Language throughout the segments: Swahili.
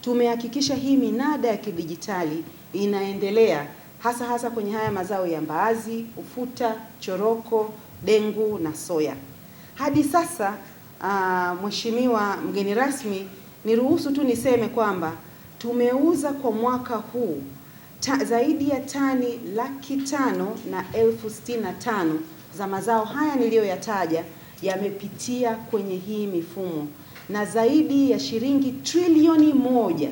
tumehakikisha hii minada ya kidijitali inaendelea hasa hasa kwenye haya mazao ya mbaazi, ufuta, choroko, dengu na soya. Hadi sasa uh, Mheshimiwa mgeni rasmi, niruhusu tu niseme kwamba tumeuza kwa mwaka huu ta, zaidi ya tani laki tano na elfu sitini na tano za mazao haya niliyoyataja yamepitia kwenye hii mifumo na zaidi ya shilingi trilioni moja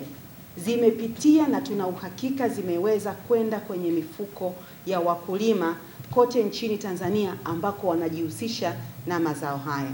zimepitia na tuna uhakika zimeweza kwenda kwenye mifuko ya wakulima kote nchini Tanzania ambako wanajihusisha na mazao haya.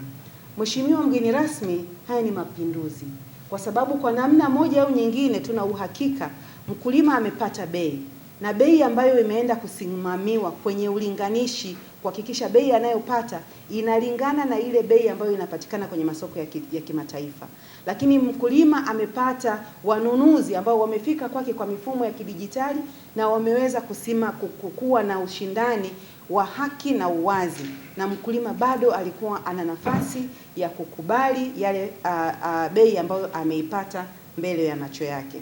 Mheshimiwa mgeni rasmi, haya ni mapinduzi, kwa sababu kwa namna moja au nyingine tuna uhakika mkulima amepata bei, na bei ambayo imeenda kusimamiwa kwenye ulinganishi kuhakikisha bei anayopata inalingana na ile bei ambayo inapatikana kwenye masoko ya, ki, ya kimataifa. Lakini mkulima amepata wanunuzi ambao wamefika kwake kwa mifumo ya kidijitali na wameweza kusima kukua na ushindani wa haki na uwazi, na mkulima bado alikuwa ana nafasi ya kukubali yale a, a, bei ambayo ameipata mbele ya macho yake.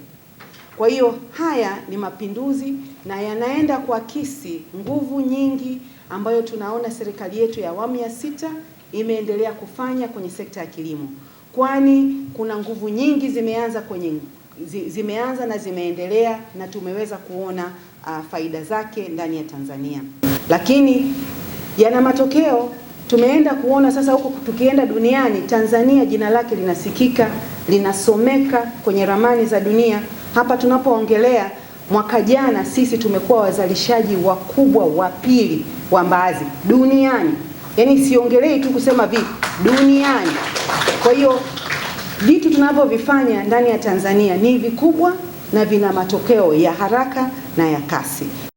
Kwa hiyo haya ni mapinduzi na yanaenda kuakisi nguvu nyingi ambayo tunaona serikali yetu ya awamu ya sita imeendelea kufanya kwenye sekta ya kilimo, kwani kuna nguvu nyingi zimeanza kwenye zimeanza na zimeendelea na tumeweza kuona uh, faida zake ndani ya Tanzania, lakini yana matokeo. Tumeenda kuona sasa huko tukienda duniani, Tanzania jina lake linasikika linasomeka kwenye ramani za dunia. Hapa tunapoongelea mwaka jana sisi tumekuwa wazalishaji wakubwa wa pili wa mbaazi duniani, yaani siongelei tu kusema vipi, duniani. Kwa hiyo vitu tunavyovifanya ndani ya Tanzania ni vikubwa na vina matokeo ya haraka na ya kasi.